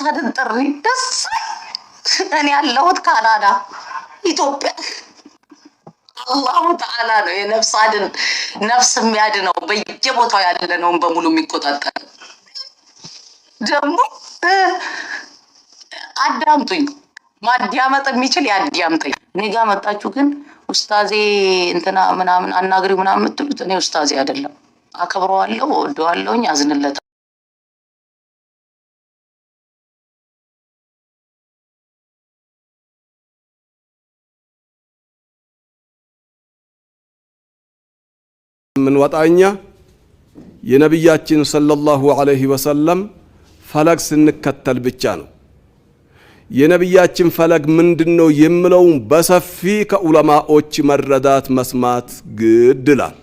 ሳድን ጥሪ ደስ እኔ ያለሁት ካናዳ ኢትዮጵያ አላሁ ተዓላ ነው የነፍስ አድን ነፍስ የሚያድነው በየቦታው ያለነውን በሙሉ የሚቆጣጠር ደግሞ አዳምጡኝ ማዳመጥ የሚችል ያዳምጠኝ እኔ ጋ መጣችሁ ግን ውስታዜ እንትና ምናምን አናግሪ ምናምን የምትሉት እኔ ውስታዜ አይደለም አከብረዋለሁ እወደዋለሁኝ አዝንለታል ስንወጣኛ የነቢያችን ሰለላሁ አለይህ ወሰለም ፈለግ ስንከተል ብቻ ነው። የነቢያችን ፈለግ ምንድን ነው የምለውን በሰፊ ከዑለማዎች መረዳት መስማት ግድላል።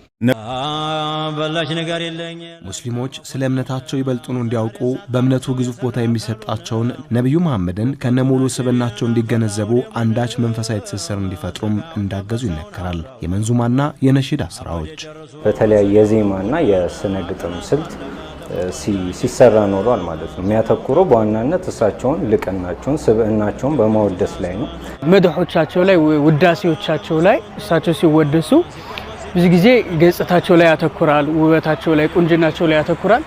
በላሽ ነገር የለኝ። ሙስሊሞች ስለ እምነታቸው ይበልጡኑ እንዲያውቁ በእምነቱ ግዙፍ ቦታ የሚሰጣቸውን ነቢዩ መሐመድን ከነሙሉ ስብናቸው እንዲገነዘቡ አንዳች መንፈሳዊ ትስስር እንዲፈጥሩም እንዳገዙ ይነገራል። የመንዙማና የነሺዳ ስራዎች በተለያየ የዜማና የስነ ግጥም ስልት ሲሰራ ኖሯል ማለት ነው። የሚያተኩረው በዋናነት እሳቸውን፣ ልቅናቸውን፣ ስብዕናቸውን በማወደስ ላይ ነው። መድሖቻቸው ላይ ውዳሴዎቻቸው ላይ እሳቸው ሲወደሱ ብዙ ጊዜ ገጽታቸው ላይ ያተኩራል፣ ውበታቸው ላይ፣ ቁንጅናቸው ላይ ያተኩራል።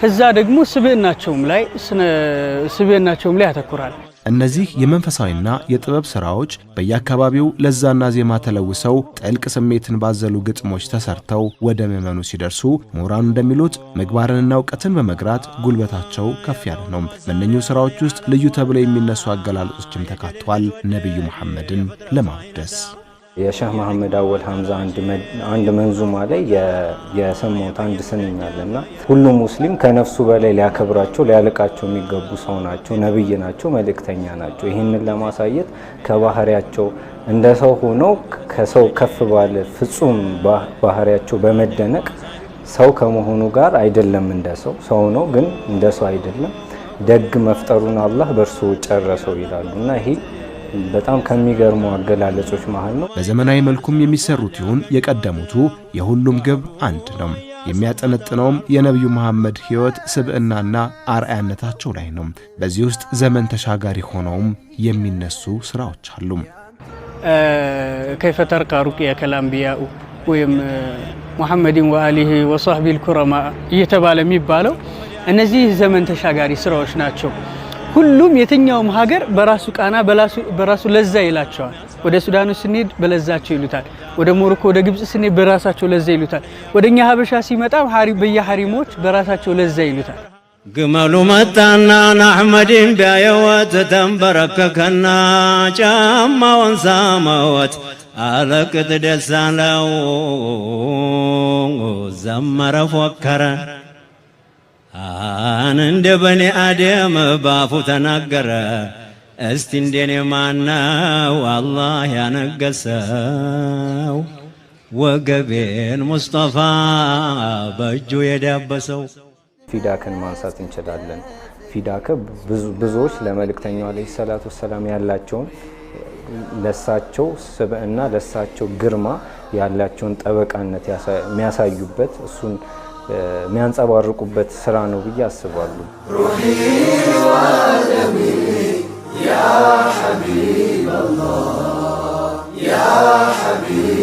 ከዛ ደግሞ ስብዕናቸውም ላይ ስብዕናቸውም ላይ ያተኩራል። እነዚህ የመንፈሳዊና የጥበብ ሥራዎች በየአካባቢው ለዛና ዜማ ተለውሰው ጥልቅ ስሜትን ባዘሉ ግጥሞች ተሰርተው ወደ ምዕመኑ ሲደርሱ ምሁራኑ እንደሚሉት ምግባርንና እውቀትን በመግራት ጉልበታቸው ከፍ ያለ ነው። በእነኚሁ ሥራዎች ውስጥ ልዩ ተብለው የሚነሱ አገላለጾችም ተካተዋል ነቢዩ መሐመድን ለማወደስ የሸህ መሐመድ አወል ሀምዛ አንድ መንዙማ ላይ የሰማሁት አንድ ስንኝ አለና ሁሉም ሙስሊም ከነፍሱ በላይ ሊያከብራቸው ሊያልቃቸው የሚገቡ ሰው ናቸው፣ ነብይ ናቸው፣ መልእክተኛ ናቸው። ይህንን ለማሳየት ከባህሪያቸው እንደ ሰው ሆነው ከሰው ከፍ ባለ ፍጹም ባህሪያቸው በመደነቅ ሰው ከመሆኑ ጋር አይደለም እንደ ሰው ሰው ነው፣ ግን እንደ ሰው አይደለም። ደግ መፍጠሩን አላህ በእርሱ ጨረሰው ይላሉ እና ይሄ በጣም ከሚገርሙ አገላለጾች መሃል ነው። በዘመናዊ መልኩም የሚሰሩት ይሁን የቀደሙቱ የሁሉም ግብ አንድ ነው። የሚያጠነጥነውም የነቢዩ መሐመድ ሕይወት ስብዕናና አርአያነታቸው ላይ ነው። በዚህ ውስጥ ዘመን ተሻጋሪ ሆነውም የሚነሱ ስራዎች አሉ። ከይፈተርቃ ሩቅያ ከላምቢያኡ ወይም ሙሐመድን ወአሊህ ወሷህቢል ኩረማ እየተባለ የሚባለው እነዚህ ዘመን ተሻጋሪ ስራዎች ናቸው። ሁሉም የትኛውም ሀገር በራሱ ቃና በራሱ ለዛ ይላቸዋል። ወደ ሱዳኑ ስንሄድ በለዛቸው ይሉታል። ወደ ሞሮኮ፣ ወደ ግብጽ ስንሄድ በራሳቸው ለዛ ይሉታል። ወደ እኛ ሀበሻ ሲመጣ በየሀሪሞች በራሳቸው ለዛ ይሉታል። ግመሉ መጣና ናአሕመድን ቢያየወት ተንበረከከና ጫማውን ሳመወት አለቅጥ ደሳለው ዘመረ ፎከረ ማን እንደ በኔ አደም ባፉ ተናገረ? እስቲ እንደኔ ማነው አላህ ያነገሰው ወገቤን ሙስጠፋ በእጁ የዳበሰው? ፊዳክን ማንሳት እንችላለን። ፊዳከ ብዙዎች ለመልእክተኛው ዓለይሂ ሰላቱ ወሰላም ያላቸውን ለሳቸው ስብዕና ለሳቸው ግርማ ያላቸውን ጠበቃነት የሚያሳዩበት እሱን የሚያንጸባርቁበት ስራ ነው ብዬ አስባለሁ። ያ ሐቢብ አላህ ያ ሐቢብ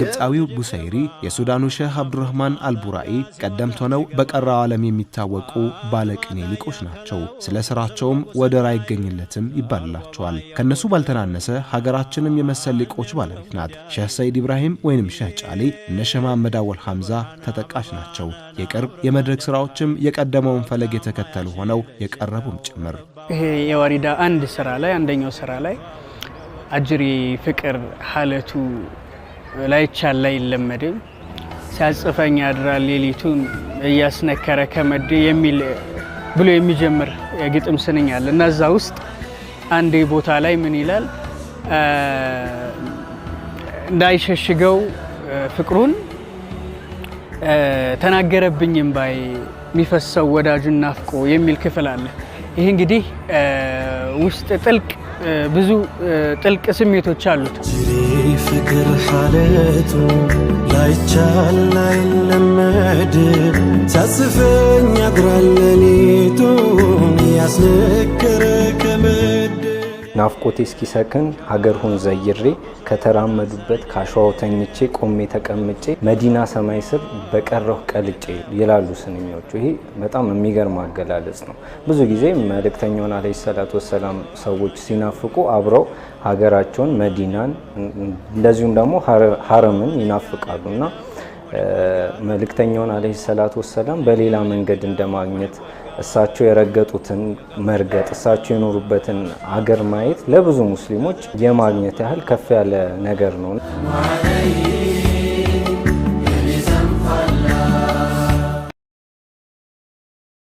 ግብፃዊው ቡሰይሪ፣ የሱዳኑ ሼህ አብዱራህማን አልቡራኢ ቀደምት ሆነው በቀረው ዓለም የሚታወቁ ባለቅኔ ሊቆች ናቸው። ስለ ሥራቸውም ወደር አይገኝለትም ይባልላቸዋል። ከእነሱ ባልተናነሰ ሀገራችንም የመሰል ሊቆች ባለቤት ናት። ሼህ ሰይድ ኢብራሂም ወይንም ሼህ ጫሊ፣ እነ ሼህ መሐመድ አወል ሐምዛ ተጠቃሽ ናቸው። የቅርብ የመድረክ ሥራዎችም የቀደመውን ፈለግ የተከተሉ ሆነው የቀረቡም ጭምር ይሄ የወሪዳ አንድ ስራ ላይ አንደኛው ስራ ላይ አጅሪ ፍቅር ሀለቱ ላይቻል አይለመድም ሲያጽፈኝ አድራ ሌሊቱን እያስነከረ ከመድ የሚል ብሎ የሚጀምር የግጥም ስንኝ አለ እና እዛ ውስጥ አንድ ቦታ ላይ ምን ይላል እንዳይሸሽገው ፍቅሩን ተናገረብኝም ባይ የሚፈሰው ወዳጁን ናፍቆ የሚል ክፍል አለ። ይህ እንግዲህ ውስጥ ጥልቅ ብዙ ጥልቅ ስሜቶች አሉት። ፍቅር ሐለቱ ላይቻል ላይለመድ ሲያስፈኝ ያድራል ሌሊቱ ናፍቆቴ እስኪሰክን ሀገር ሁን ዘይሬ ከተራመዱበት ካሸዋው ተኝቼ ቆሜ ተቀምጬ መዲና ሰማይ ስር በቀረሁ ቀልጬ ይላሉ ስንኞቹ። ይሄ በጣም የሚገርም አገላለጽ ነው። ብዙ ጊዜ መልእክተኛውን አለ ሰላት ወሰላም ሰዎች ሲናፍቁ አብረው ሀገራቸውን መዲናን፣ እንደዚሁም ደግሞ ሀረምን ይናፍቃሉ እና መልእክተኛውን አለ ሰላት ወሰላም በሌላ መንገድ እንደማግኘት እሳቸው የረገጡትን መርገጥ፣ እሳቸው የኖሩበትን አገር ማየት ለብዙ ሙስሊሞች የማግኘት ያህል ከፍ ያለ ነገር ነው።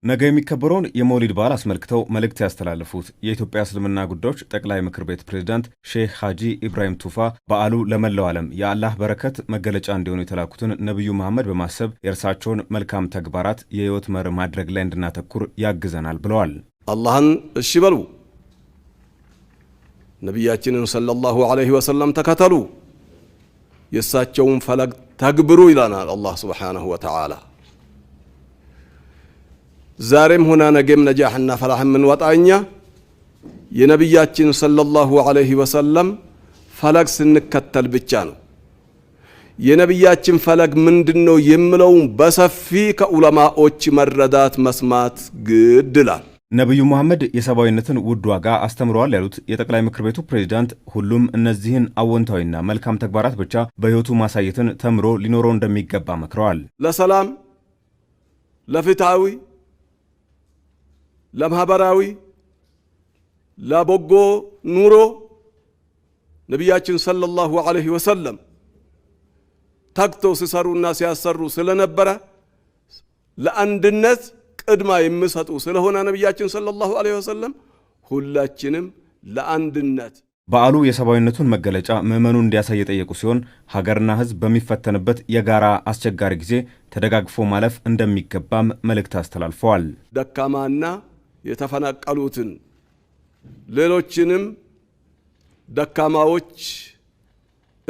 ነገ የሚከበረውን የመውሊድ በዓል አስመልክተው መልእክት ያስተላለፉት የኢትዮጵያ እስልምና ጉዳዮች ጠቅላይ ምክር ቤት ፕሬዝዳንት ሼህ ሐጂ ኢብራሂም ቱፋ በዓሉ ለመላው ዓለም የአላህ በረከት መገለጫ እንዲሆኑ የተላኩትን ነቢዩ መሐመድ በማሰብ የእርሳቸውን መልካም ተግባራት የሕይወት መር ማድረግ ላይ እንድናተኩር ያግዘናል ብለዋል። አላህን እሺ በሉ፣ ነቢያችንን ሰለላሁ ዐለይሂ ወሰለም ተከተሉ፣ የእሳቸውን ፈለግ ተግብሩ ይለናል አላህ ሱብሓነሁ ወተዓላ ዛሬም ሆና ነገም ነጃህና ፈላህ የምንወጣ እኛ የነቢያችን ሰለላሁ ዐለይሂ ወሰለም ፈለግ ስንከተል ብቻ ነው። የነቢያችን ፈለግ ምንድን ነው የምለውን በሰፊ ከዑለማዎች መረዳት መስማት ግድላል። ነቢዩ መሐመድ የሰብአዊነትን ውድ ዋጋ አስተምረዋል ያሉት የጠቅላይ ምክር ቤቱ ፕሬዚዳንት ሁሉም እነዚህን አዎንታዊና መልካም ተግባራት ብቻ በሕይወቱ ማሳየትን ተምሮ ሊኖረው እንደሚገባ መክረዋል። ለሰላም ለፍትሐዊ ለማህበራዊ ለበጎ ኑሮ ነቢያችን ሰለላሁ ዐለይሂ ወሰለም ተግተው ሲሰሩና ሲያሰሩ ስለነበረ ለአንድነት ቅድማ የሚሰጡ ስለሆነ ነቢያችን ሰለላሁ ዐለይሂ ወሰለም ሁላችንም ለአንድነት በዓሉ የሰብአዊነቱን መገለጫ ምዕመኑን እንዲያሳይ የጠየቁ ሲሆን ሀገርና ሕዝብ በሚፈተንበት የጋራ አስቸጋሪ ጊዜ ተደጋግፎ ማለፍ እንደሚገባም መልእክት አስተላልፈዋል። ደካማና የተፈናቀሉትን ሌሎችንም ደካማዎች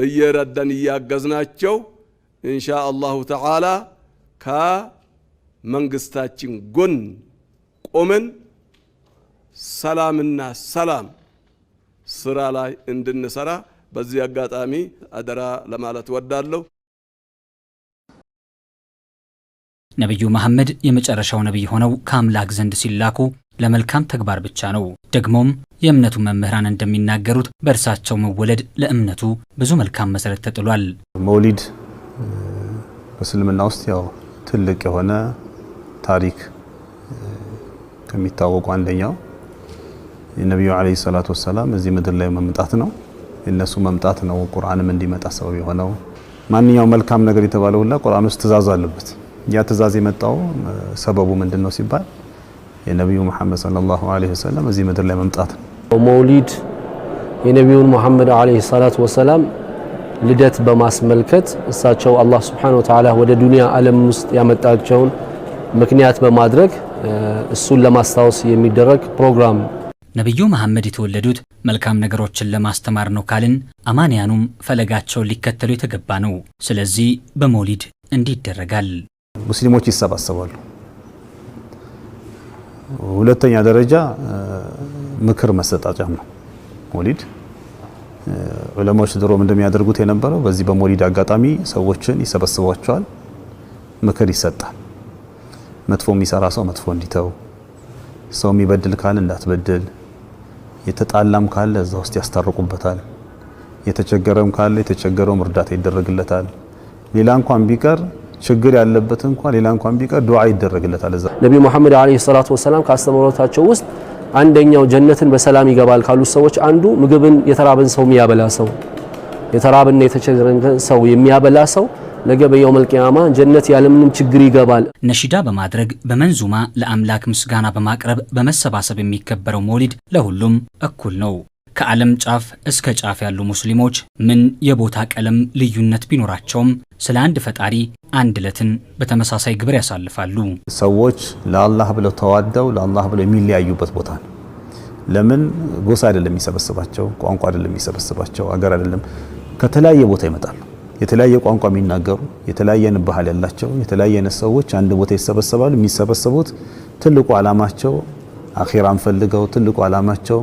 እየረዳን እያገዝናቸው እንሻ አላሁ ተዓላ ከመንግስታችን ጎን ቆመን ሰላምና ሰላም ስራ ላይ እንድንሰራ በዚህ አጋጣሚ አደራ ለማለት ወዳለሁ። ነቢዩ መሐመድ የመጨረሻው ነቢይ ሆነው ከአምላክ ዘንድ ሲላኩ ለመልካም ተግባር ብቻ ነው። ደግሞም የእምነቱ መምህራን እንደሚናገሩት በእርሳቸው መወለድ ለእምነቱ ብዙ መልካም መሰረት ተጥሏል። መውሊድ በእስልምና ውስጥ ያው ትልቅ የሆነ ታሪክ ከሚታወቁ አንደኛው የነቢዩ ዓለይሂ ሰላቱ ወሰላም እዚህ ምድር ላይ መምጣት ነው። የእነሱ መምጣት ነው ቁርአንም እንዲመጣ ሰበብ የሆነው። ማንኛውም መልካም ነገር የተባለ ሁላ ቁርአን ውስጥ ትእዛዝ አለበት። ያ ትእዛዝ የመጣው ሰበቡ ምንድን ነው ሲባል የነቢዩ መሐመድ ሰለላሁ ዐለይሂ ወሰለም እዚህ ምድር ላይ መምጣት ነው። መውሊድ የነቢዩን መሐመድ ዐለይሂ ሰላቱ ወሰላም ልደት በማስመልከት እሳቸው አላህ ሱብሓነሁ ወተዓላ ወደ ዱንያ ዓለም ውስጥ ያመጣቸውን ምክንያት በማድረግ እሱን ለማስታወስ የሚደረግ ፕሮግራም። ነቢዩ መሐመድ የተወለዱት መልካም ነገሮችን ለማስተማር ነው ካልን አማንያኑም ፈለጋቸውን ሊከተሉ የተገባ ነው። ስለዚህ በመውሊድ እንዲህ ይደረጋል። ሙስሊሞች ይሰባሰባሉ። ሁለተኛ ደረጃ ምክር መሰጣጫም ነው። ሞሊድ ዑለማዎች ድሮም እንደሚያደርጉት የነበረው በዚህ በሞሊድ አጋጣሚ ሰዎችን ይሰበስቧቸዋል፣ ምክር ይሰጣል። መጥፎ የሚሰራ ሰው መጥፎ እንዲተው፣ ሰው የሚበድል ካለ እንዳትበድል፣ የተጣላም ካለ እዛ ውስጥ ያስታርቁበታል። የተቸገረም ካለ የተቸገረውም እርዳታ ይደረግለታል። ሌላ እንኳን ቢቀር ችግር ያለበት እንኳ ሌላ እንኳን ቢቀር ዱዓ ይደረግለታል። እዛ ነቢዩ መሐመድ ዓለይሂ ሰላቱ ወሰላም ካስተምሮታቸው ውስጥ አንደኛው ጀነትን በሰላም ይገባል ካሉት ሰዎች አንዱ ምግብን የተራበን ሰው የሚያበላ ሰው የተራበና የተቸገረን ሰው የሚያበላ ሰው ነገ በየውመል ቂያማ ጀነት ያለምንም ችግር ይገባል። ነሺዳ በማድረግ በመንዙማ ለአምላክ ምስጋና በማቅረብ በመሰባሰብ የሚከበረው መውሊድ ለሁሉም እኩል ነው። ከዓለም ጫፍ እስከ ጫፍ ያሉ ሙስሊሞች ምን የቦታ ቀለም ልዩነት ቢኖራቸውም ስለ አንድ ፈጣሪ አንድ ዕለትን በተመሳሳይ ግብር ያሳልፋሉ። ሰዎች ለአላህ ብለው ተዋደው ለአላህ ብለው የሚለያዩበት ቦታ ነው። ለምን ጎሳ አይደለም የሚሰበስባቸው፣ ቋንቋ አይደለም የሚሰበስባቸው፣ አገር አይደለም። ከተለያየ ቦታ ይመጣሉ። የተለያየ ቋንቋ የሚናገሩ የተለያየን ባህል ያላቸው የተለያየን ሰዎች አንድ ቦታ ይሰበሰባሉ። የሚሰበሰቡት ትልቁ ዓላማቸው አኼራን ፈልገው ትልቁ ዓላማቸው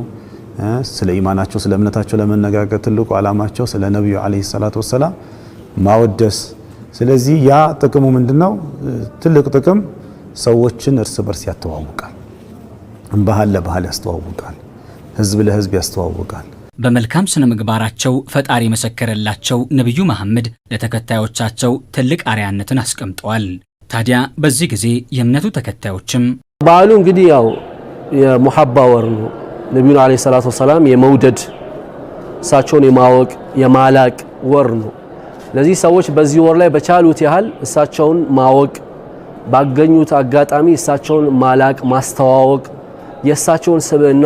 ስለ ኢማናቸው ስለ እምነታቸው ለመነጋገር ትልቁ ዓላማቸው ስለ ነቢዩ ዓለይሂ ሰላቱ ወሰላም ማወደስ። ስለዚህ ያ ጥቅሙ ምንድነው? ትልቅ ጥቅም ሰዎችን እርስ በርስ ያስተዋውቃል። ባህል ለባህል ያስተዋውቃል። ህዝብ ለህዝብ ያስተዋውቃል። በመልካም ስነ ምግባራቸው ፈጣሪ የመሰከረላቸው ነቢዩ መሐመድ ለተከታዮቻቸው ትልቅ አርያነትን አስቀምጠዋል። ታዲያ በዚህ ጊዜ የእምነቱ ተከታዮችም በዓሉ እንግዲህ ያው የሙሐባ ወር ነው ነቢዩን ዓለይሂ ሰላቱ ወሰላም የመውደድ እሳቸውን የማወቅ የማላቅ ወር ነው። ለዚህ ሰዎች በዚህ ወር ላይ በቻሉት ያህል እሳቸውን ማወቅ፣ ባገኙት አጋጣሚ እሳቸውን ማላቅ፣ ማስተዋወቅ፣ የእሳቸውን ስብዕና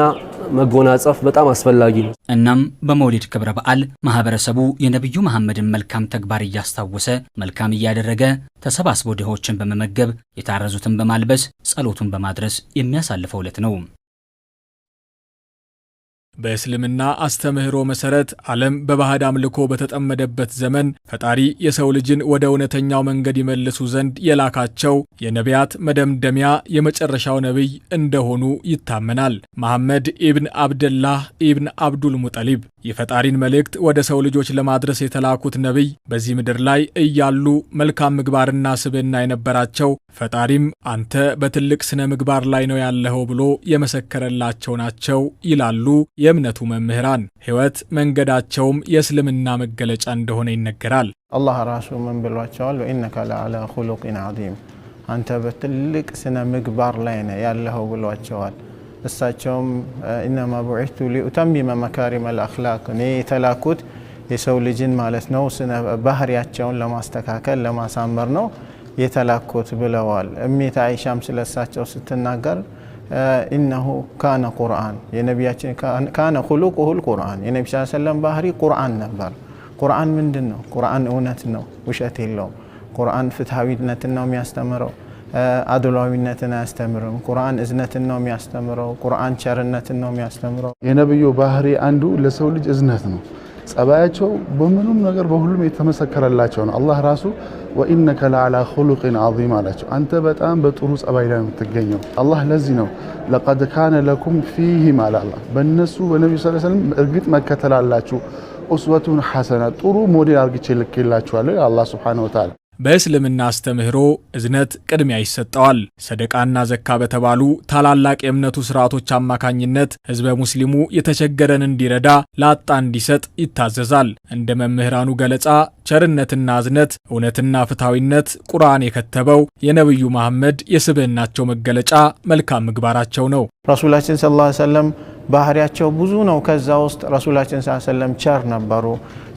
መጎናጸፍ በጣም አስፈላጊ ነው። እናም በመውሊድ ክብረ በዓል ማህበረሰቡ የነቢዩ መሐመድን መልካም ተግባር እያስታወሰ መልካም እያደረገ ተሰባስቦ ድሆችን በመመገብ የታረዙትን በማልበስ ጸሎቱን በማድረስ የሚያሳልፈው ዕለት ነው። በእስልምና አስተምህሮ መሰረት ዓለም በባህድ አምልኮ በተጠመደበት ዘመን ፈጣሪ የሰው ልጅን ወደ እውነተኛው መንገድ ይመልሱ ዘንድ የላካቸው የነቢያት መደምደሚያ የመጨረሻው ነቢይ እንደሆኑ ይታመናል። መሐመድ ኢብን አብደላህ ኢብን አብዱል ሙጠሊብ የፈጣሪን መልእክት ወደ ሰው ልጆች ለማድረስ የተላኩት ነቢይ በዚህ ምድር ላይ እያሉ መልካም ምግባርና ስብዕና የነበራቸው ፈጣሪም አንተ በትልቅ ስነ ምግባር ላይ ነው ያለኸው ብሎ የመሰከረላቸው ናቸው ይላሉ የእምነቱ መምህራን። ሕይወት መንገዳቸውም የእስልምና መገለጫ እንደሆነ ይነገራል። አላህ ራሱ ምን ብሏቸዋል? ወኢነከ ለዓላ ኹሉቂን ዐዚም አንተ በትልቅ ስነ ምግባር ላይ ነው ያለኸው ብሏቸዋል። እሳቸውም ኢነማ ቡዒቱ ሊኡተሚመ መካሪመ ልአክላቅ እኔ የተላኩት የሰው ልጅን ማለት ነው ስነ ባህሪያቸውን ለማስተካከል ለማሳመር ነው የተላኩት ብለዋል። እሜት አይሻም ስለ እሳቸው ስትናገር ኢነሁ ካነ ቁርአን የነቢያችን ካነ ሁሉቁሁል ቁርአን የነቢ ስ ሰለም ባህሪ ቁርአን ነበር። ቁርአን ምንድን ነው? ቁርአን እውነት ነው፣ ውሸት የለውም። ቁርአን ፍትሐዊነትን ነው የሚያስተምረው አድሏዊነትን አያስተምርም። ቁርአን እዝነትን ነው የሚያስተምረው። ቁርአን ቸርነትን ነው የሚያስተምረው። የነብዩ ባህሪ አንዱ ለሰው ልጅ እዝነት ነው። ጸባያቸው በምንም ነገር በሁሉም የተመሰከረላቸው ነው። አላህ ራሱ ወኢነከ ለዓላ ኹሉቅን ዓዚም አላቸው። አንተ በጣም በጥሩ ጸባይ ላይ የምትገኘው አላህ። ለዚህ ነው ለቀድ ካነ ለኩም ፊህም አለ አላህ በእነሱ በነቢዩ ስ ዐለይሂ ወሰለም እርግጥ መከተላላችሁ ኡስወቱን ሐሰና ጥሩ ሞዴል አርግቼ ልክላችኋለሁ አላህ ሱብሓነሁ ወተዓላ በእስልምና አስተምህሮ እዝነት ቅድሚያ ይሰጠዋል። ሰደቃና ዘካ በተባሉ ታላላቅ የእምነቱ ስርዓቶች አማካኝነት ህዝበ ሙስሊሙ የተቸገረን እንዲረዳ፣ ላጣ እንዲሰጥ ይታዘዛል። እንደ መምህራኑ ገለጻ ቸርነትና እዝነት፣ እውነትና ፍትሐዊነት ቁርአን የከተበው የነቢዩ መሐመድ የስብዕናቸው መገለጫ መልካም ምግባራቸው ነው። ረሱላችን ሰለላሁ ዐለይሂ ወሰለም ባህሪያቸው ብዙ ነው። ከዛ ውስጥ ረሱላችን ሰለላሁ ዐለይሂ ወሰለም ቸር ነበሩ።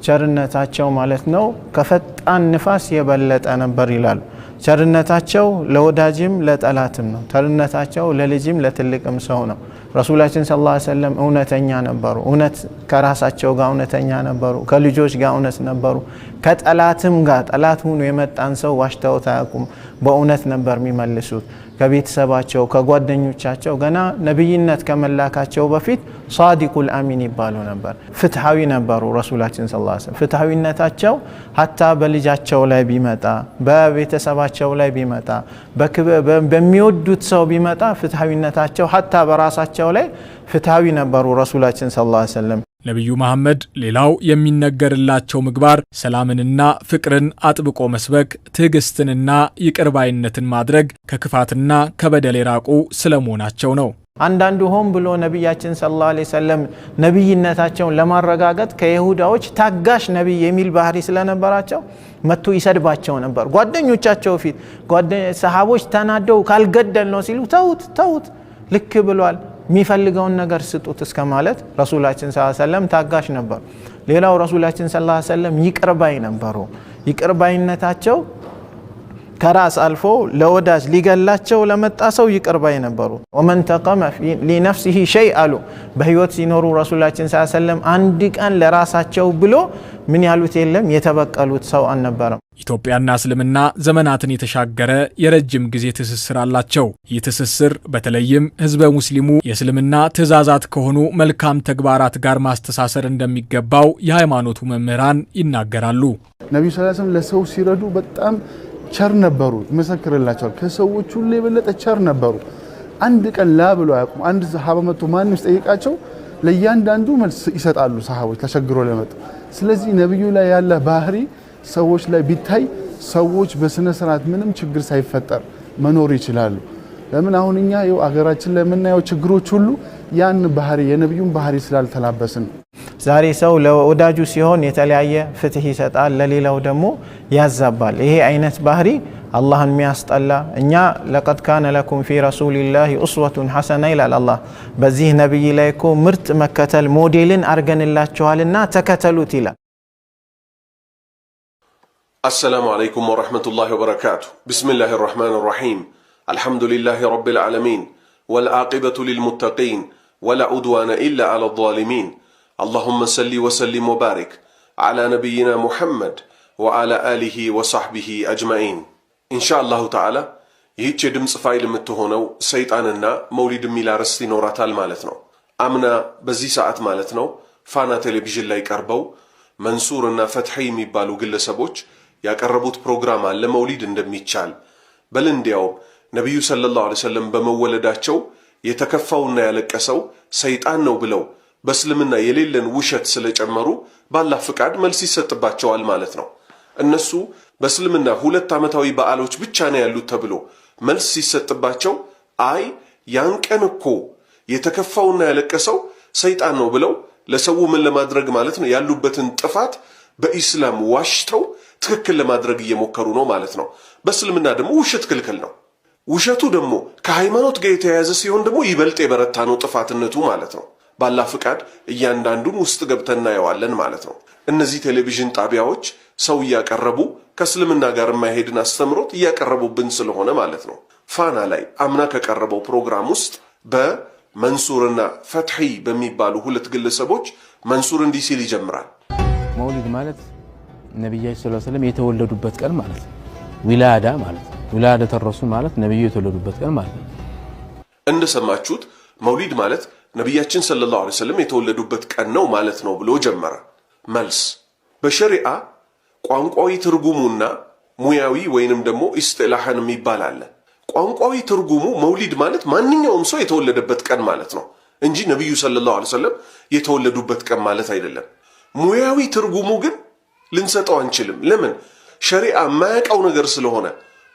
ቸርነታቸው ማለት ነው ከፈጣን ንፋስ የበለጠ ነበር ይላሉ። ቸርነታቸው ለወዳጅም ለጠላትም ነው። ቸርነታቸው ለልጅም ለትልቅም ሰው ነው። ረሱላችን ሰለላሁ ላ ሰለም እውነተኛ ነበሩ። እውነት ከራሳቸው ጋር እውነተኛ ነበሩ። ከልጆች ጋር እውነት ነበሩ። ከጠላትም ጋር ጠላት ሁኑ የመጣን ሰው ዋሽተውት አያውቁም። በእውነት ነበር የሚመልሱት። ከቤተሰባቸው ከጓደኞቻቸው ገና ነቢይነት ከመላካቸው በፊት ሳዲቁል አሚን ይባሉ ነበር። ፍትሐዊ ነበሩ ረሱላችን ስ ፍትሐዊነታቸው ሀታ በልጃቸው ላይ ቢመጣ በቤተሰባቸው ላይ ቢመጣ በሚወዱት ሰው ቢመጣ ፍትሐዊነታቸው ሀታ በራሳቸው ላይ ፍትሐዊ ነበሩ ረሱላችን ስ ሰለም ነቢዩ መሐመድ ሌላው የሚነገርላቸው ምግባር ሰላምንና ፍቅርን አጥብቆ መስበክ፣ ትዕግስትንና ይቅርባይነትን ማድረግ፣ ከክፋትና ከበደል የራቁ ስለመሆናቸው ነው። አንዳንዱ ሆን ብሎ ነቢያችን ሰለላሁ ዐለይሂ ወሰለም ነቢይነታቸውን ለማረጋገጥ ከይሁዳዎች ታጋሽ ነቢይ የሚል ባህሪ ስለነበራቸው መቶ ይሰድባቸው ነበር። ጓደኞቻቸው ፊት ሰሃቦች ተናደው ካልገደል ነው ሲሉ ተውት ተውት ልክ ብሏል የሚፈልገውን ነገር ስጡት እስከ ማለት ረሱላችን ስ ሰለም ታጋሽ ነበሩ። ሌላው ረሱላችን ስ ሰለም ይቅር ነበሩ። ይቅርባይነታቸው ከራስ አልፎ ለወዳጅ ሊገላቸው ለመጣ ሰው ይቅር ባይ ነበሩ። ወመን ተቀመ ሊነፍሲሂ ሸይ አሉ። በህይወት ሲኖሩ ረሱላችን ስ ሰለም አንድ ቀን ለራሳቸው ብሎ ምን ያሉት የለም የተበቀሉት ሰው አልነበረም። ኢትዮጵያና እስልምና ዘመናትን የተሻገረ የረጅም ጊዜ ትስስር አላቸው። ይህ ትስስር በተለይም ህዝበ ሙስሊሙ የእስልምና ትዕዛዛት ከሆኑ መልካም ተግባራት ጋር ማስተሳሰር እንደሚገባው የሃይማኖቱ መምህራን ይናገራሉ። ነቢዩ ስ ለሰው ሲረዱ በጣም ቸር ነበሩ፣ ይመሰክርላቸዋል። ከሰዎች ሁሉ የበለጠ ቸር ነበሩ። አንድ ቀን ላ ብሎ አያውቁም። አንድ ሰሃባ መጥቶ ማንም ሲጠይቃቸው ለእያንዳንዱ መልስ ይሰጣሉ ሰሃቦች ተቸግሮ ለመጡ። ስለዚህ ነቢዩ ላይ ያለ ባህሪ ሰዎች ላይ ቢታይ ሰዎች በስነ ስርዓት ምንም ችግር ሳይፈጠር መኖር ይችላሉ። ለምን አሁን እኛ አገራችን ለምናየው የምናየው ችግሮች ሁሉ ያን ባህሪ የነቢዩን ባህሪ ስላልተላበስን زاري سو لو وداجو سيهون يتلعية فتحي ستقال لليلة ودمو يزبال إيه أينت بهري الله المياست الله إنيا لقد كان لكم في رسول الله أسوة حسنة إلى الله بزيه نبي ليكو مرت مكة الموديل أرغن الله جوالنا تكتلو تلا السلام عليكم ورحمة الله وبركاته بسم الله الرحمن الرحيم الحمد لله رب العالمين والعاقبة للمتقين ولا عدوان إلا على الظالمين اللهم صل وسلم وبارك على نبينا محمد وعلى አሊሂ وصحبه أجمعين إن شاء الله تعالى ይህች የድምፅ ፋይል የምትሆነው ሰይጣንና መውሊድ የሚል አርዕስት ይኖራታል ማለት ነው። አምና በዚህ ሰዓት ማለት ነው ፋና ቴሌቪዥን ላይ ቀርበው መንሱር እና ፈትሐ የሚባሉ ግለሰቦች ያቀረቡት ፕሮግራም አለ መውሊድ እንደሚቻል በል እንዲያውም ነቢዩ ሰለላሁ ዐለይሂ ወሰለም በመወለዳቸው የተከፋውና ያለቀሰው ሰይጣን ነው ብለው በእስልምና የሌለን ውሸት ስለጨመሩ ባላህ ፍቃድ መልስ ይሰጥባቸዋል ማለት ነው። እነሱ በእስልምና ሁለት ዓመታዊ በዓሎች ብቻ ነው ያሉት ተብሎ መልስ ሲሰጥባቸው አይ ያን ቀን እኮ የተከፋውና ያለቀሰው ሰይጣን ነው ብለው ለሰው ምን ለማድረግ ማለት ነው ያሉበትን ጥፋት በኢስላም ዋሽተው ትክክል ለማድረግ እየሞከሩ ነው ማለት ነው። በእስልምና ደግሞ ውሸት ክልክል ነው። ውሸቱ ደግሞ ከሃይማኖት ጋር የተያያዘ ሲሆን ደግሞ ይበልጥ የበረታ ነው ጥፋትነቱ ማለት ነው። ባላ ፍቃድ እያንዳንዱን ውስጥ ገብተን እናየዋለን ማለት ነው። እነዚህ ቴሌቪዥን ጣቢያዎች ሰው እያቀረቡ ከእስልምና ጋር የማይሄድን አስተምሮት እያቀረቡብን ስለሆነ ማለት ነው። ፋና ላይ አምና ከቀረበው ፕሮግራም ውስጥ በመንሱርና ፈትሒ በሚባሉ ሁለት ግለሰቦች መንሱር እንዲህ ሲል ይጀምራል። መውሊድ ማለት ነቢያ ስ ዐለይሂ የተወለዱበት ቀን ማለት ነው። ዊላዳ ማለት ነው። ዊላደተ ማለት ነቢዩ የተወለዱበት ቀን ማለት ነው። እንደሰማችሁት መውሊድ ማለት ነቢያችን ሰለላሁ ዐለይሂ ወሰለም የተወለዱበት ቀን ነው ማለት ነው ብሎ ጀመረ። መልስ በሸሪአ ቋንቋዊ ትርጉሙና ሙያዊ ወይንም ደግሞ ኢስጥላሐንም ይባላል። ቋንቋዊ ትርጉሙ መውሊድ ማለት ማንኛውም ሰው የተወለደበት ቀን ማለት ነው እንጂ ነቢዩ ሰለላሁ ዐለይሂ ወሰለም የተወለዱበት ቀን ማለት አይደለም። ሙያዊ ትርጉሙ ግን ልንሰጠው አንችልም። ለምን? ሸሪዓ የማያውቀው ነገር ስለሆነ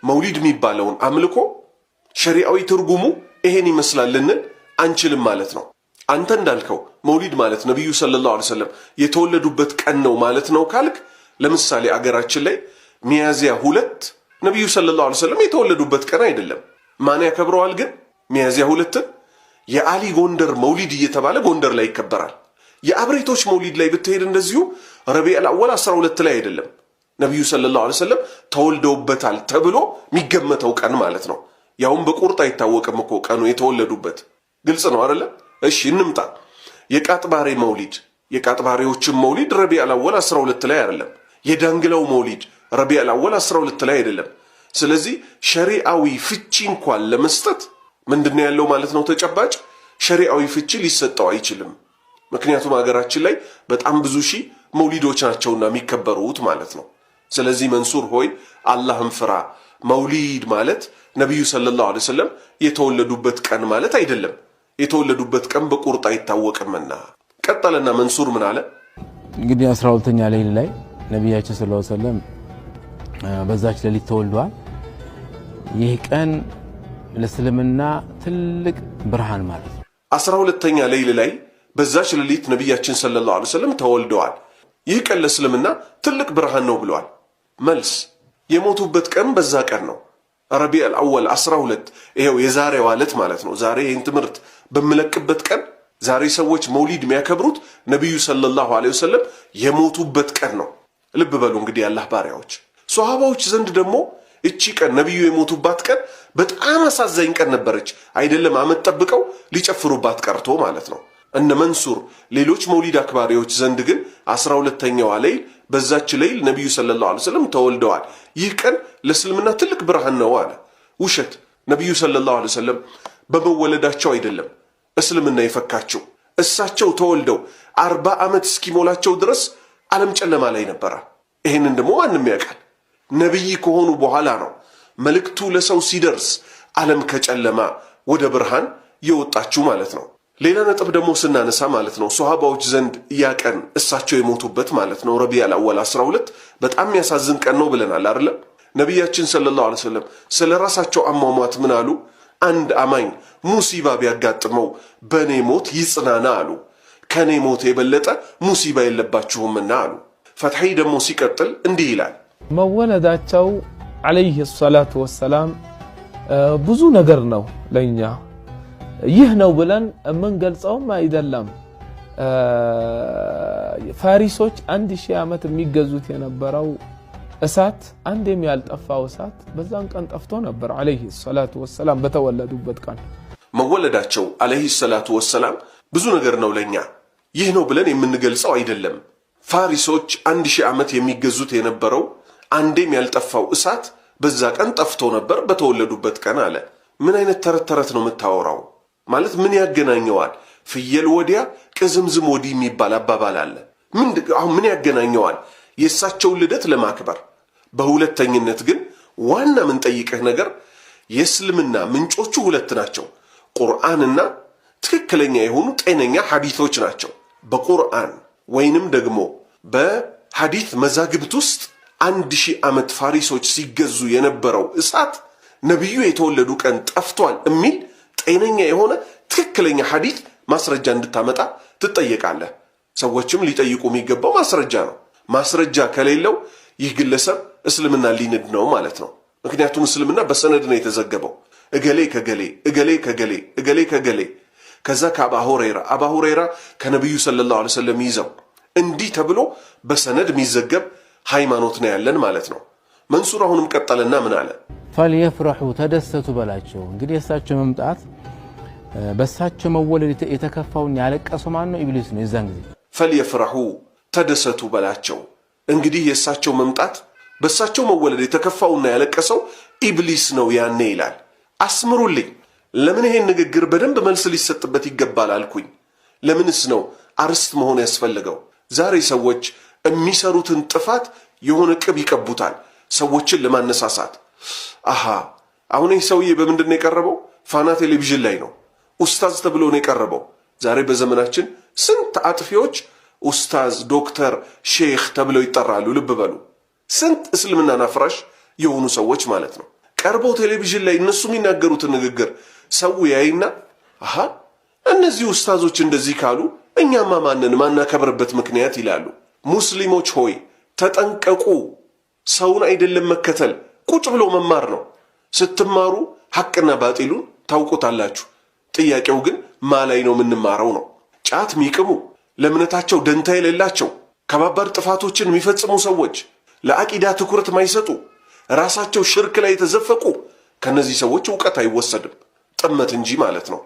መውሊድ የሚባለውን አምልኮ ሸሪዓዊ ትርጉሙ ይሄን ይመስላል ልንል አንችልም ማለት ነው። አንተ እንዳልከው መውሊድ ማለት ነቢዩ ሰለላሁ ዐለይሂ ወሰለም የተወለዱበት ቀን ነው ማለት ነው ካልክ፣ ለምሳሌ አገራችን ላይ ሚያዚያ ሁለት ነቢዩ ሰለላሁ ዐለይሂ ወሰለም የተወለዱበት ቀን አይደለም። ማን ያከብረዋል ግን? ሚያዚያ ሁለትን የአሊ ጎንደር መውሊድ እየተባለ ጎንደር ላይ ይከበራል። የአብሬቶች መውሊድ ላይ ብትሄድ እንደዚሁ ረቢዕ አወል ሁለት ላይ አይደለም ነቢዩ ሰለላሁ ዐለይሂ ወሰለም ተወልደውበታል ተብሎ የሚገመተው ቀን ማለት ነው። ያውም በቁርጥ አይታወቅም እኮ ቀኑ የተወለዱበት ግልጽ ነው አይደለ? እሺ እንምጣ። የቃጥባሬ መውሊድ የቃጥባሬዎችን መውሊድ ረቢዕ አወል 12 ላይ አይደለም። የዳንግላው መውሊድ ረቢዕ አወል 12 ላይ አይደለም። ስለዚህ ሸሪዓዊ ፍቺ እንኳን ለመስጠት ምንድነው ያለው ማለት ነው ተጨባጭ ሸሪዓዊ ፍቺ ሊሰጠው አይችልም። ምክንያቱም ሀገራችን ላይ በጣም ብዙ ሺህ መውሊዶች ናቸውና የሚከበሩት ማለት ነው። ስለዚህ መንሱር ሆይ አላህን ፍራ። መውሊድ ማለት ነቢዩ ሰለላሁ ዐለይሂ ወሰለም የተወለዱበት ቀን ማለት አይደለም። የተወለዱበት ቀን በቁርጥ አይታወቅምና ቀጠለና መንሱር ምን አለ እንግዲህ አስራ ሁለተኛ ሌሊት ላይ ነቢያችን ስለ ሰለም በዛች ሌሊት ተወልዷል። ይህ ቀን ለእስልምና ትልቅ ብርሃን ማለት ነው። አስራ ሁለተኛ ሌሊት ላይ በዛች ሌሊት ነቢያችን ሰለላሁ ዐለይሂ ወሰለም ተወልደዋል። ይህ ቀን ለእስልምና ትልቅ ብርሃን ነው ብለዋል። መልስ የሞቱበት ቀን በዛ ቀን ነው። ረቢዕ አልአወል 12 ይኸው የዛሬው ዕለት ማለት ነው። ዛሬ ይህን ትምህርት በምለቅበት ቀን ዛሬ ሰዎች መውሊድ የሚያከብሩት ነቢዩ ሰለላሁ ዐለይሂ ወሰለም የሞቱበት ቀን ነው። ልብ በሉ እንግዲህ የአላህ ባሪያዎች። ሶሃባዎች ዘንድ ደግሞ እቺ ቀን ነቢዩ የሞቱባት ቀን በጣም አሳዛኝ ቀን ነበረች። አይደለም አመት ጠብቀው ሊጨፍሩባት ቀርቶ ማለት ነው። እነ መንሱር ሌሎች መውሊድ አክባሪዎች ዘንድ ግን አስራ ሁለተኛዋ ለይል በዛች ለይል ነቢዩ ሰለላሁ ዐለይሂ ወሰለም ተወልደዋል። ይህ ቀን ለእስልምና ትልቅ ብርሃን ነው አለ። ውሸት። ነቢዩ ሰለላሁ ዐለይሂ ወሰለም በመወለዳቸው አይደለም እስልምና የፈካችው። እሳቸው ተወልደው አርባ ዓመት እስኪሞላቸው ድረስ ዓለም ጨለማ ላይ ነበረ። ይህንን ደግሞ ማንም ያውቃል። ነቢይ ከሆኑ በኋላ ነው መልእክቱ ለሰው ሲደርስ ዓለም ከጨለማ ወደ ብርሃን የወጣችው ማለት ነው። ሌላ ነጥብ ደግሞ ስናነሳ ማለት ነው ሶሃባዎች ዘንድ ያ ቀን እሳቸው የሞቱበት ማለት ነው ረቢዑል አወል 12 በጣም የሚያሳዝን ቀን ነው ብለናል አይደለም። ነቢያችን ሰለላሁ ዐለይሂ ወሰለም ስለ ራሳቸው አሟሟት ምን አሉ? አንድ አማኝ ሙሲባ ቢያጋጥመው በእኔ ሞት ይጽናና አሉ። ከእኔ ሞት የበለጠ ሙሲባ የለባችሁምና አሉ። ፈትሐይ ደግሞ ሲቀጥል እንዲህ ይላል። መወለዳቸው ዓለይህ ሰላቱ ወሰላም ብዙ ነገር ነው ለእኛ ይህ ነው ብለን የምንገልጸውም አይደለም። ፋሪሶች አንድ ሺህ ዓመት የሚገዙት የነበረው እሳት አንዴም ያልጠፋው እሳት በዛን ቀን ጠፍቶ ነበር። አለይህ ሰላቱ ወሰላም በተወለዱበት ቀን መወለዳቸው አለይህ ሰላቱ ወሰላም ብዙ ነገር ነው ለእኛ ይህ ነው ብለን የምንገልጸው አይደለም። ፋሪሶች አንድ ሺህ ዓመት የሚገዙት የነበረው አንዴም ያልጠፋው እሳት በዛ ቀን ጠፍቶ ነበር በተወለዱበት ቀን አለ። ምን አይነት ተረት ተረት ነው የምታወራው? ማለት ምን ያገናኘዋል? ፍየል ወዲያ ቅዝምዝም ወዲህ የሚባል አባባል አለ። አሁን ምን ያገናኘዋል? የእሳቸውን ልደት ለማክበር በሁለተኝነት ግን ዋና ምንጠይቅህ ነገር የእስልምና ምንጮቹ ሁለት ናቸው። ቁርአንና ትክክለኛ የሆኑ ጤነኛ ሐዲቶች ናቸው። በቁርአን ወይንም ደግሞ በሐዲት መዛግብት ውስጥ አንድ ሺህ ዓመት ፋሪሶች ሲገዙ የነበረው እሳት ነቢዩ የተወለዱ ቀን ጠፍቷል የሚል ጤነኛ የሆነ ትክክለኛ ሐዲት ማስረጃ እንድታመጣ ትጠየቃለህ። ሰዎችም ሊጠይቁ የሚገባው ማስረጃ ነው። ማስረጃ ከሌለው ይህ ግለሰብ እስልምና ሊንድ ነው ማለት ነው። ምክንያቱም እስልምና በሰነድ ነው የተዘገበው። እገሌ ከገሌ እገሌ ከገሌ እገሌ ከገሌ ከዛ ከአባ ሁሬራ አባ ሁሬራ ከነቢዩ ሰለላሁ ዐለይሂ ወሰለም ይዘው እንዲህ ተብሎ በሰነድ የሚዘገብ ሃይማኖት ነው ያለን ማለት ነው። መንሱር አሁንም ቀጠለና ምን አለ? ፈልየፍረሑ ተደሰቱ በላቸው። እንግዲህ የእሳቸው መምጣት በእሳቸው መወለድ የተከፋውን ያለቀሰው ማን ነው? ኢብሊስ ነው። የዛን ጊዜ ፈልየፍረሑ ተደሰቱ በላቸው። እንግዲህ የእሳቸው መምጣት በእሳቸው መወለድ የተከፋውና ያለቀሰው ኢብሊስ ነው ያኔ ይላል። አስምሩልኝ። ለምን ይሄን ንግግር በደንብ መልስ ሊሰጥበት ይገባል አልኩኝ። ለምንስ ነው አርስት መሆን ያስፈለገው? ዛሬ ሰዎች የሚሰሩትን ጥፋት የሆነ ቅብ ይቀቡታል፣ ሰዎችን ለማነሳሳት። አሃ አሁን ይህ ሰውዬ በምንድን ነው የቀረበው? ፋና ቴሌቪዥን ላይ ነው ኡስታዝ ተብሎ ነው የቀረበው። ዛሬ በዘመናችን ስንት አጥፊዎች ኡስታዝ፣ ዶክተር፣ ሼክ ተብለው ይጠራሉ። ልብ በሉ ስንት እስልምናን አፍራሽ የሆኑ ሰዎች ማለት ነው። ቀርበው ቴሌቪዥን ላይ እነሱ የሚናገሩትን ንግግር ሰው ያይና አሃ እነዚህ ኡስታዞች እንደዚህ ካሉ እኛማ ማንን ማናከብርበት ምክንያት ይላሉ። ሙስሊሞች ሆይ ተጠንቀቁ። ሰውን አይደለም መከተል፣ ቁጭ ብሎ መማር ነው። ስትማሩ ሐቅና ባጢሉን ታውቁታላችሁ። ጥያቄው ግን ማላይ ነው የምንማረው ነው። ጫት ሚቅሙ ለእምነታቸው ደንታ የሌላቸው ከባባድ ጥፋቶችን የሚፈጽሙ ሰዎች፣ ለአቂዳ ትኩረት ማይሰጡ፣ ራሳቸው ሽርክ ላይ የተዘፈቁ ከእነዚህ ሰዎች እውቀት አይወሰድም፣ ጥመት እንጂ ማለት ነው።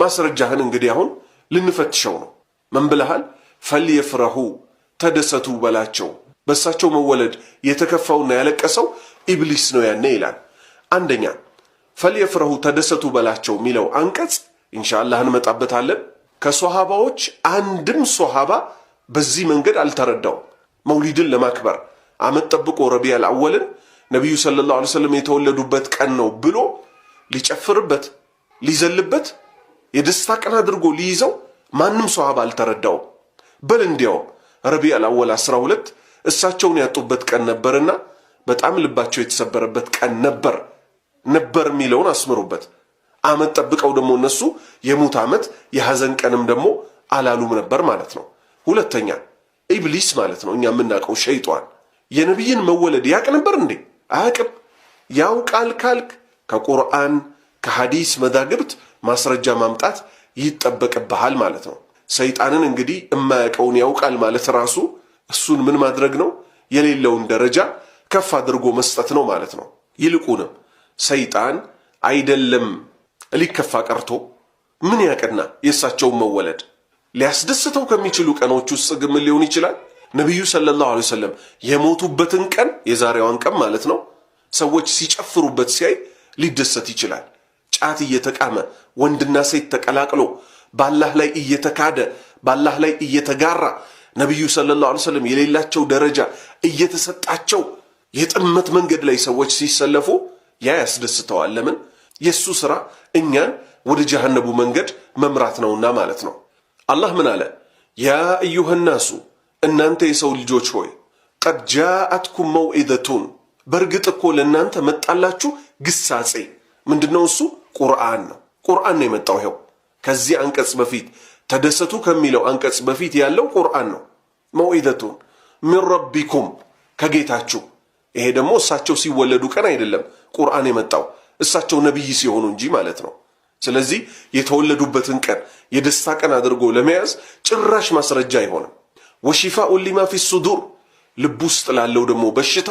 ማስረጃህን እንግዲህ አሁን ልንፈትሸው ነው። ምን ብለሃል? ፈልየፍረሁ ተደሰቱ በላቸው። በእሳቸው መወለድ የተከፋውና ያለቀሰው ኢብሊስ ነው ያኔ ይላል። አንደኛ ፈልየፍረሁ ተደሰቱ በላቸው የሚለው አንቀጽ ኢንሻአላህ እንመጣበታለን። ከሶሃባዎች አንድም ሶሃባ በዚህ መንገድ አልተረዳውም። መውሊድን ለማክበር አመት ጠብቆ ረቢያል አወልን ነቢዩ ሰለላሁ ዐለይሂ ወሰለም የተወለዱበት ቀን ነው ብሎ ሊጨፍርበት ሊዘልበት የደስታ ቀን አድርጎ ሊይዘው ማንም ሶሃባ አልተረዳውም። በል እንዲያው ረቢያል አወል አስራ ሁለት እሳቸውን ያጡበት ቀን ነበርና በጣም ልባቸው የተሰበረበት ቀን ነበር ነበር የሚለውን አስምሩበት። አመት ጠብቀው ደግሞ እነሱ የሙት አመት የሐዘን ቀንም ደግሞ አላሉም ነበር ማለት ነው። ሁለተኛ ኢብሊስ ማለት ነው እኛ የምናውቀው ሸይጧን የነቢይን መወለድ ያቅ ነበር እንዴ? አያቅም። ያው ቃል ካልክ ከቁርአን ከሐዲስ መዛግብት ማስረጃ ማምጣት ይጠበቅብሃል ማለት ነው። ሰይጣንን እንግዲህ እማያውቀውን ያውቃል ማለት ራሱ እሱን ምን ማድረግ ነው? የሌለውን ደረጃ ከፍ አድርጎ መስጠት ነው ማለት ነው። ይልቁንም ሰይጣን አይደለም ሊከፋ ቀርቶ ምን ያቀና የእሳቸውን መወለድ ሊያስደስተው ከሚችሉ ቀኖች ውስጥ ግን ሊሆን ይችላል? ነቢዩ ሰለላሁ ዐለይሂ ወሰለም የሞቱበትን ቀን የዛሬዋን ቀን ማለት ነው ሰዎች ሲጨፍሩበት ሲያይ ሊደሰት ይችላል። ጫት እየተቃመ ወንድና ሴት ተቀላቅሎ ባላህ ላይ እየተካደ ባላህ ላይ እየተጋራ ነቢዩ ሰለላሁ ዐለይሂ ወሰለም የሌላቸው ደረጃ እየተሰጣቸው የጥመት መንገድ ላይ ሰዎች ሲሰለፉ ያ ያስደስተዋል። ለምን? የእሱ ሥራ እኛን ወደ ጀሃነቡ መንገድ መምራት ነውና ማለት ነው። አላህ ምን አለ? ያ አዩሃ እናንተ የሰው ልጆች ሆይ ቀድ ጃአትኩም መውዒዘቱን በእርግጥ እኮ ለእናንተ መጣላችሁ ግሳጼ። ምንድነው እሱ? ቁርአን ነው። ቁርአን ነው የመጣው። ይኸው ከዚህ አንቀጽ በፊት ተደሰቱ ከሚለው አንቀጽ በፊት ያለው ቁርአን ነው። መውዒዘቱን ምን ረቢኩም ከጌታችሁ። ይሄ ደግሞ እሳቸው ሲወለዱ ቀን አይደለም ቁርአን የመጣው እሳቸው ነቢይ ሲሆኑ እንጂ ማለት ነው። ስለዚህ የተወለዱበትን ቀን የደስታ ቀን አድርጎ ለመያዝ ጭራሽ ማስረጃ አይሆንም። ወሺፋኡን ሊማ ፊ ሱዱር ልብ ውስጥ ላለው ደግሞ በሽታ